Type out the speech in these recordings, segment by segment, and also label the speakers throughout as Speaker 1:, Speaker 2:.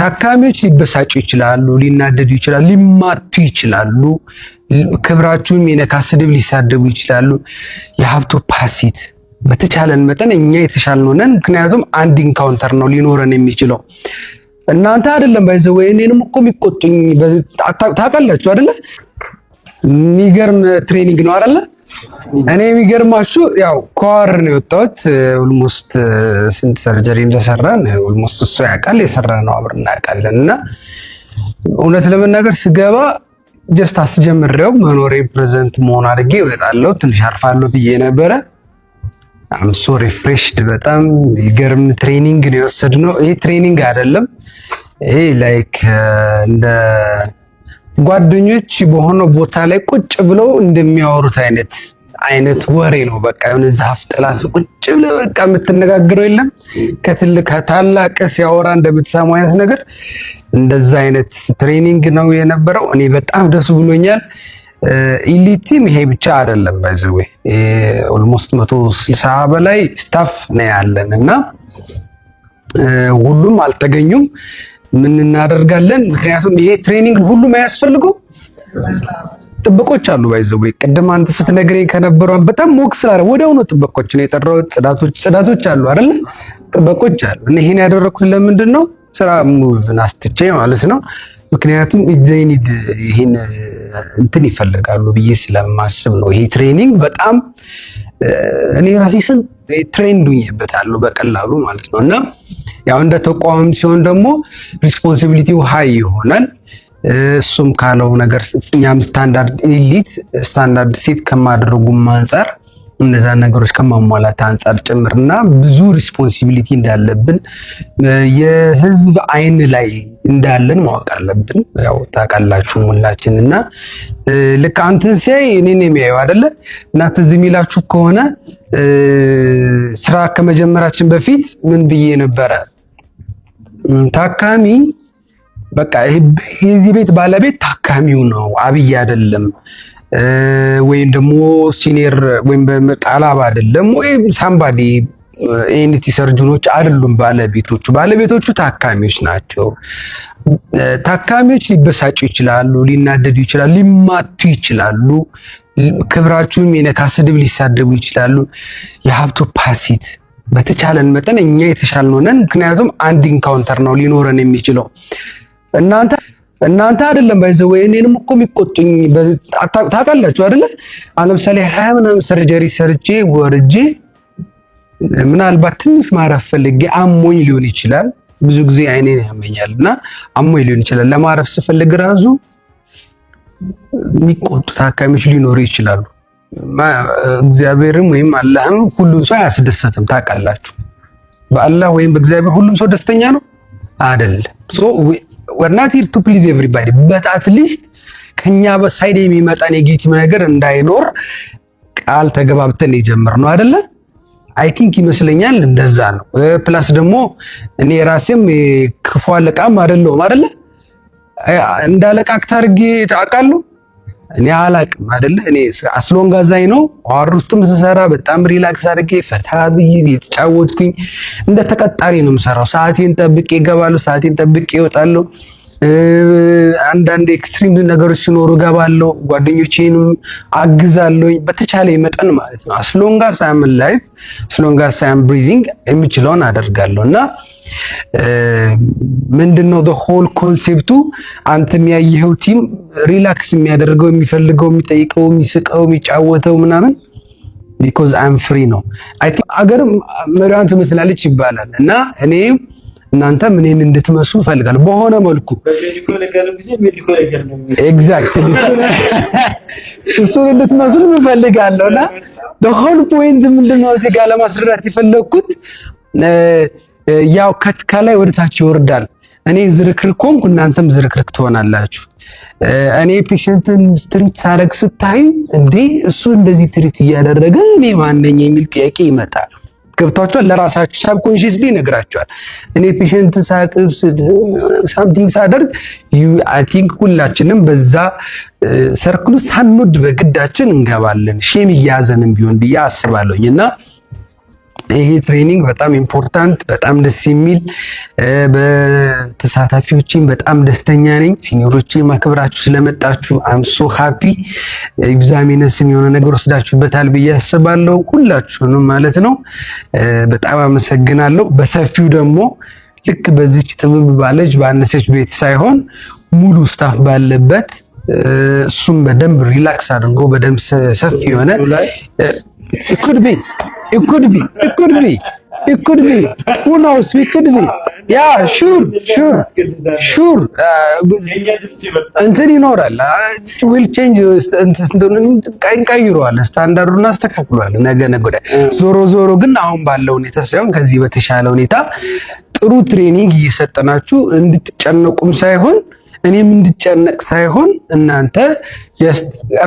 Speaker 1: ታካሚዎች ሊበሳጩ ይችላሉ፣ ሊናደዱ ይችላሉ፣ ሊማቱ ይችላሉ። ክብራችሁም የነካ ስድብ ሊሳደቡ ይችላሉ። የሀብቱ ፓሲት በተቻለን መጠን እኛ የተሻልን ሆነን ምክንያቱም አንድ ኢንካውንተር ነው ሊኖረን የሚችለው። እናንተ አይደለም ባይዘ እኔንም እኮ የሚቆጡኝ ታውቃላችሁ አይደለ? የሚገርም ትሬኒንግ ነው አይደለ? እኔ የሚገርማችሁ ያው ከዋር ነው የወጣሁት። ኦልሞስት ስንት ሰርጀሪ እንደሰራን ኦልሞስት እሱ ያውቃል፣ የሰራ ነው አብረን እናውቃለን። እና እውነት ለመናገር ስገባ ጀስት አስጀምሬው መኖሬ ፕሬዘንት መሆን አድርጌ እወጣለሁ። ትንሽ አርፋለሁ ብዬ ነበረ። አምሶ ሪፍሬሽድ። በጣም ይገርም ትሬኒንግ ነው የወሰድነው። ይሄ ትሬኒንግ አይደለም፣ ይሄ ላይክ እንደ ጓደኞች በሆነ ቦታ ላይ ቁጭ ብለው እንደሚያወሩት አይነት አይነት ወሬ ነው። በቃ የሆነ ዛፍ ጥላ ቁጭ ብለህ በቃ የምትነጋግረው የለም ከትልቅ ከታላቅ ሲያወራ እንደምትሰሙ አይነት ነገር። እንደዛ አይነት ትሬኒንግ ነው የነበረው። እኔ በጣም ደስ ብሎኛል። ኢሊቲም ይሄ ብቻ አይደለም። ባይዘዌ ኦልሞስት መቶ ስልሳ በላይ ስታፍ ነው ያለን እና ሁሉም አልተገኙም። ምን እናደርጋለን? ምክንያቱም ይሄ ትሬኒንግ ሁሉም አያስፈልገው ጥበቆች አሉ። ባይዘው ቅድም አንተ ስትነግረኝ ከነበረው በጣም ሞክ ስላለ ወዲያው ነው ጥበቆች ነው የጠራው። ጽዳቶች ጽዳቶች አሉ አይደል? ጥበቆች አሉ። እና ይሄን ያደረኩት ለምንድን ነው? ስራ ሙቭን አስትቼ ማለት ነው። ምክንያቱም ዘይኒድ ይሄን እንትን ይፈልጋሉ ብዬ ስለማስብ ነው። ይሄ ትሬኒንግ በጣም እኔ ራሴ ስንት ትሬንድ ሁኜበታለሁ በቀላሉ ማለት ነው። እና ያው እንደ ተቋም ሲሆን ደግሞ ሪስፖንሲቢሊቲው ሀይ ይሆናል። እሱም ካለው ነገር እኛም ስታንዳርድ ኤሊት ስታንዳርድ ሴት ከማድረጉም አንጻር እነዛ ነገሮች ከማሟላት አንጻር ጭምርና ብዙ ሪስፖንሲቢሊቲ እንዳለብን የህዝብ አይን ላይ እንዳለን ማወቅ አለብን። ያው ታውቃላችሁ ሁላችን እና ልክ አንተን ሲያይ እኔን የሚያየው አይደለ እና ትዝ የሚላችሁ ከሆነ ስራ ከመጀመራችን በፊት ምን ብዬ ነበረ ታካሚ በቃ የዚህ ቤት ባለቤት ታካሚው ነው አብይ አይደለም ወይም ደግሞ ሲኒየር ወይም ጣላባ አይደለም ወይም ሳምባዲ ኤንቲ ሰርጅኖች አይደሉም ባለቤቶቹ። ባለቤቶቹ ታካሚዎች ናቸው። ታካሚዎች ሊበሳጩ ይችላሉ፣ ሊናደዱ ይችላሉ፣ ሊማቱ ይችላሉ። ክብራችሁም የነካ ስድብ ሊሳደቡ ይችላሉ። የሀብቱ ፓሲት በተቻለን መጠን እኛ የተሻልን ሆነን ምክንያቱም አንድ ኢንካውንተር ነው ሊኖረን የሚችለው እናንተ እናንተ አይደለም ባይዘው ወይ እኔንም እኮ የሚቆጡኝ ታውቃላችሁ አይደለ? ለምሳሌ ሀያ ምናምን ሰርጀሪ ሰርጄ ወርጄ ምናልባት ትንሽ ማረፍ ፈልጌ አሞኝ ሊሆን ይችላል። ብዙ ጊዜ አይኔን ያመኛል እና አሞኝ ሊሆን ይችላል። ለማረፍ ስፈልግ ራሱ የሚቆጡ ታካሚዎች ሊኖሩ ይችላሉ። እግዚአብሔርም ወይም አላህም ሁሉም ሰው አያስደሰትም ታውቃላችሁ። በአላህ ወይም በእግዚአብሔር ሁሉም ሰው ደስተኛ ነው አይደለም። ወርናት ሂር ቱ ፕሊዝ ኤቭሪባዲ በት አትሊስት ከኛ ሳይድ የሚመጣ ኔጌቲቭ ነገር እንዳይኖር ቃል ተገባብተን የጀመርነው አይደለ? አይ ቲንክ ይመስለኛል እንደዛ ነው። ፕላስ ደግሞ እኔ ራሴም ክፉ አለቃም አይደለሁም አይደለ? እንዳለቃ አክት አድርጌ እኔ አላቅም አይደለ እኔ አስሎን አዛኝ ነው። ዋር ውስጥም ስሰራ በጣም ሪላክስ አድርጌ ፈታ ብዬ የተጫወትኩኝ እንደ ተቀጣሪ ነው የምሰራው። ሰዓቴን ጠብቄ ይገባሉ ሰዓቴን ጠብቄ ይወጣሉ። አንዳንድ ኤክስትሪም ነገሮች ሲኖሩ እገባለሁ፣ ጓደኞቼንም አግዛለሁኝ በተቻለ መጠን ማለት ነው። አስሎንጋስ አም ላይፍ አስሎንጋስ አም ብሪዚንግ የምችለውን አደርጋለሁ እና ምንድን ነው ሆል ኮንሴፕቱ አንተ የሚያየኸው ቲም ሪላክስ የሚያደርገው የሚፈልገው፣ የሚጠይቀው፣ የሚስቀው፣ የሚጫወተው ምናምን ቢኮዝ አም ፍሪ ነው። አገርም መሪዋን ትመስላለች ይባላል እና እኔ እናንተ እኔን እንድትመሱ እፈልጋለሁ በሆነ መልኩ። ኤግዛክትሊ እሱን እንድትመስሉ እፈልጋለሁ እና በሆል ፖይንት ምንድን ነው እዚህ ጋር ለማስረዳት የፈለግኩት ያው ከላይ ወደ ታች ይወርዳል። እኔ ዝርክርክ ሆንኩ፣ እናንተም ዝርክርክ ትሆናላችሁ። እኔ ፔሽንትን ስትሪት ሳደርግ ስታይ እንዴ እሱ እንደዚህ ትሪት እያደረገ እኔ ማነኝ የሚል ጥያቄ ይመጣል። ገብቷቸዋል። ለራሳችሁ ሰብኮንሽስሊ ነግራቸዋል እኔ ፔሽንት ሳቅስ ሳምቲንግ ሳደርግ አይ ቲንክ ሁላችንም በዛ ሰርክሉ ሳንወድ በግዳችን እንገባለን። ሼም እያያዘንም ቢሆን ብዬ አስባለሁኝ እና ይሄ ትሬኒንግ በጣም ኢምፖርታንት በጣም ደስ የሚል በተሳታፊዎችም በጣም ደስተኛ ነኝ። ሲኒሮችን ማክብራችሁ ስለመጣችሁ አምሶ ሃፒ ኤግዛሚነስም የሆነ ነገር ወስዳችሁበታል ብዬ አስባለሁ። ሁላችሁንም ማለት ነው በጣም አመሰግናለሁ። በሰፊው ደግሞ ልክ በዚች ጥብብ ባለች በአነሰች ቤት ሳይሆን ሙሉ ስታፍ ባለበት እሱም በደንብ ሪላክስ አድርጎ በደንብ ሰፊ የሆነ It could be. It could be. It could be. It could be. Who knows? We could be. Yeah, sure, sure, sure. Uh, እንትን ይኖራል። uh, will change ቀይሯል፣ ስታንዳርዱን አስተካክሏል። ነገ ነገ ወዲያ ዞሮ ዞሮ ግን አሁን ባለው ሁኔታ ሳይሆን ከዚህ በተሻለ ሁኔታ ጥሩ ትሬኒንግ እየሰጠናችሁ እንድትጨነቁም ሳይሆን እኔም እንድጨነቅ ሳይሆን እናንተ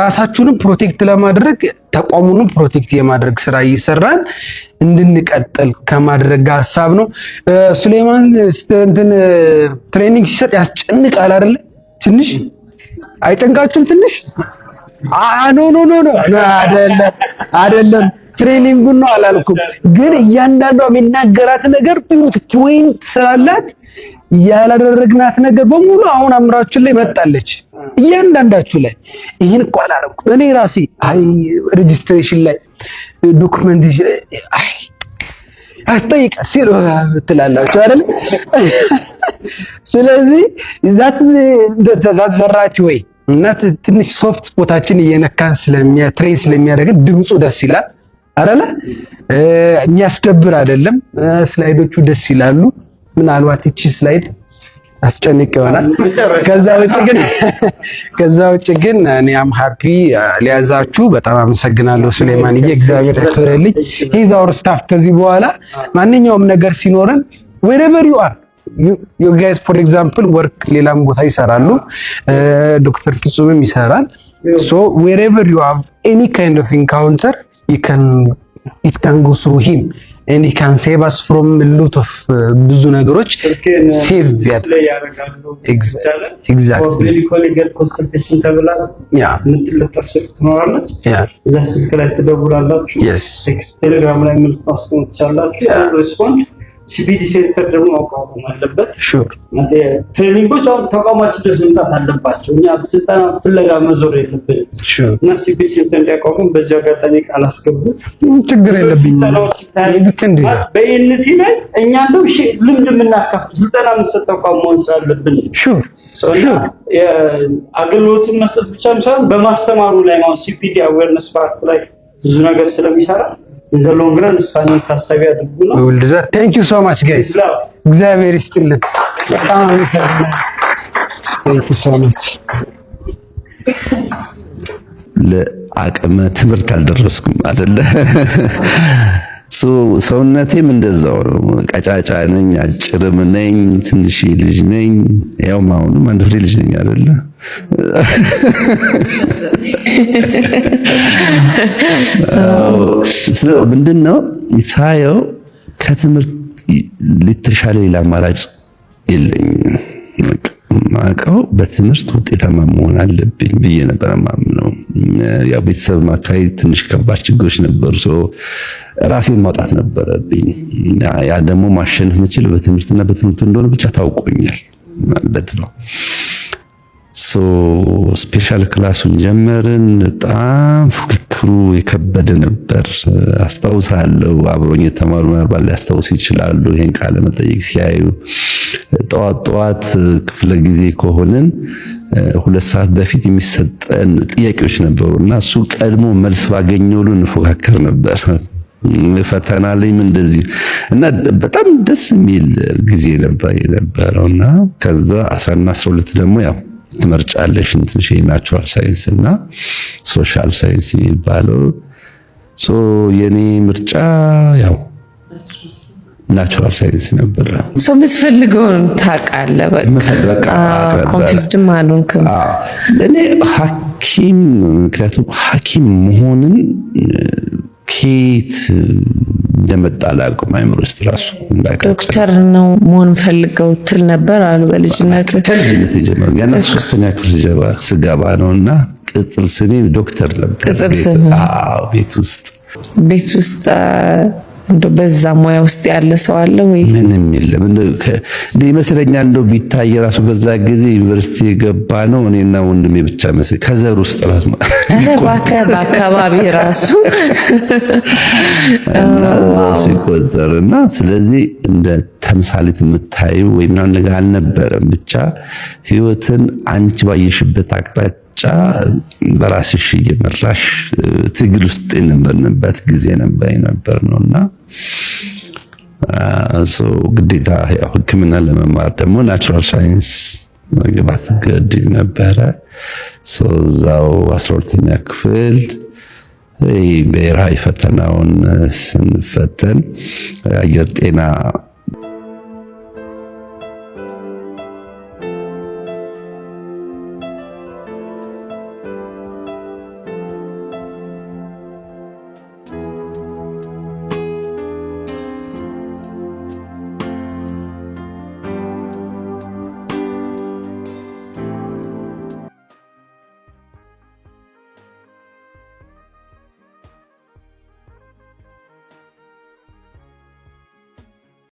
Speaker 1: ራሳችሁንም ፕሮቴክት ለማድረግ ተቋሙንም ፕሮቴክት የማድረግ ስራ ይሰራል እንድንቀጥል ከማድረግ ሀሳብ ነው። ሱሌማን እንትን ትሬኒንግ ሲሰጥ ያስጨንቃል አይደለ? ትንሽ አይጨንቃችሁም? ትንሽ ኖ ኖ ኖ ኖ አይደለም አይደለም ትሬኒንጉን ነው አላልኩም፣ ግን እያንዳንዷ የሚናገራት ነገር ፖይንት ስላላት ያላደረግናት ነገር በሙሉ አሁን አምራችሁ ላይ መጣለች። እያንዳንዳችሁ ላይ ይህን እኮ አላደረኩም እኔ ራሴ። አይ ሬጅስትሬሽን ላይ ዶክመንት አይ አስጠይቃ ሲሉ ትላላችሁ አይደል? ስለዚህ ዛት ዘራች ወይ እና ትንሽ ሶፍት ስፖታችን እየነካን ትሬን ስለሚያደርግን ድምፁ ደስ ይላል አይደለ? የሚያስደብር አይደለም። ስላይዶቹ ደስ ይላሉ። ምናልባት እቺ ስላይድ አስጨንቅ ይሆናል። ከዛ ውጭ ግን ከዛ ውጭ ግን እኔ አም ሃፒ ሊያዛችሁ በጣም አመሰግናለሁ ሱሌማንዬ፣ እግዚአብሔር ያክብርልኝ። ሂዝ አወር ስታፍ። ከዚህ በኋላ ማንኛውም ነገር ሲኖረን ዌሬቨር ዩ አር ዩ ጋይስ ፎር ኤግዛምፕል ወርክ ሌላም ቦታ ይሰራሉ፣ ዶክተር ፍጹምም ይሰራል። ሶ ዌሬቨር ዩ ሃቭ ኤኒ ካይንድ ኦፍ ኢንካውንተር ዩ ካን ኢት ካን ጎ ስሩ ሂም and he can save us from lot of uh, ብዙ ነገሮች ሴቭ uh, ያደርጋሉ። ኤግዛክትሊ ተብላ ያ ትኖራለች። ላይ ትደውላላችሁ። ቴሌግራም ሲቪል ሴንተር ደግሞ መቋቋም አለበት። ትሬኒንጎች አሁን ተቋማችን ድረስ መምጣት አለባቸው። እኛ ስልጠና ፍለጋ መዞር የለብንም እና ሲቪል ሴንተር እንዲያቋቁም በዚህ አጋጣሚ ቃል አስገቡት። ችግር የለብኝ ላይ እኛ እንደው ልምድ የምናካፍል ስልጠና የምንሰጥ ተቋም መሆን ስላለብን አገልግሎትን መስጠት ብቻ ሳይሆን በማስተማሩ ላይ ሲፒዲ አዌርነስ ፓርክ ላይ ብዙ ነገር ስለሚሰራ የዘለውን ብለን እሷንም ታሳቢ አድርጉና ውልድዛ ቴንክ ዩ ሶ ማች ጋይስ እግዚአብሔር ይስጥልን። በጣም አመሰግናለሁ። ቴንክ ዩ ሶ ማች።
Speaker 2: ለአቅመ ትምህርት አልደረስኩም አይደለ? ሰውነቴም እንደዛው ነው። ቀጫጫ ነኝ፣ አጭርም ነኝ፣ ትንሽ ልጅ ነኝ። ያውም አሁንም አንድ ፍሬ ልጅ ነኝ አይደለ? ምንድን ነው ሳየው ከትምህርት ሊተሻለ ሌላ አማራጭ የለኝም። ማቀው በትምህርት ውጤታማ መሆን አለብኝ ብዬ ነበር ማምነው። ያው ቤተሰብ አካባቢ ትንሽ ከባድ ችግሮች ነበሩ። ራሴን ማውጣት ነበረብኝ። ያ ደግሞ ማሸነፍ የምችል በትምህርትና በትምህርት እንደሆነ ብቻ ታውቆኛል ማለት ነው። ሶ ስፔሻል ክላሱን ጀመርን። በጣም ፉክክሩ የከበደ ነበር። አስታውሳለሁ አብሮኝ የተማሩ ምናልባት ሊያስታውሱ ይችላሉ። ይሄን ቃለ መጠይቅ ሲያዩ ጠዋት ጠዋት ክፍለ ጊዜ ከሆንን ሁለት ሰዓት በፊት የሚሰጠን ጥያቄዎች ነበሩ እና እሱ ቀድሞ መልስ ባገኘሉ እንፎካከር ነበር። ፈተናልኝ እንደዚህ እና በጣም ደስ የሚል ጊዜ ነበር የነበረው እና ከዛ 11 12 ደግሞ ያው ትመርጫለሽ እንትንሽ ናቹራል ሳይንስ እና ሶሻል ሳይንስ የሚባለው ሶ የኔ ምርጫ ያው ናቹራል ሳይንስ ነበር።
Speaker 3: ሶ የምትፈልገውን ታውቃለህ፣ በቃ
Speaker 2: ኮንፊውዝድም አልሆንክም። እኔ ሐኪም ምክንያቱም ሐኪም መሆንን ከየት እንደመጣ አላውቅም። አይምሮ ውስጥ ራሱ
Speaker 3: ዶክተር ነው መሆን ፈልገው ትል ነበር አሉ። በልጅነት
Speaker 2: ከልጅነት ጀመር ገና ሶስተኛ ክፍል ስገባ ነው እና ቅጽል ስሜ ዶክተር ነበር። ቅጽል ቤት ውስጥ
Speaker 3: ቤት ውስጥ በዛ ሙያ ውስጥ ያለ ሰው አለ ወይ?
Speaker 2: ምንም የለም ይመስለኛል። እንደው ቢታይ ራሱ በዛ ጊዜ ዩኒቨርሲቲ የገባ ነው እኔና ወንድሜ ብቻ መስል ከዘር ውስጥ ራሱ
Speaker 3: በአካባቢ ራሱ
Speaker 2: ሲቆጠር እና ስለዚህ እንደ ተምሳሌት የምታዩ ወይ ምናምን ነገር አልነበረም። ብቻ ህይወትን አንቺ ባየሽበት አቅጣጫ ምርጫ በራስሽ እየመራሽ ትግል ውስጥ የነበርንበት ጊዜ ነበር ነበር ነው እና ግዴታ ሕክምና ለመማር ደግሞ ናቹራል ሳይንስ መግባት ግድ ነበረ። እዛው አስራ ሁለተኛ ክፍል ብሔራዊ ፈተናውን ስንፈተን አየር ጤና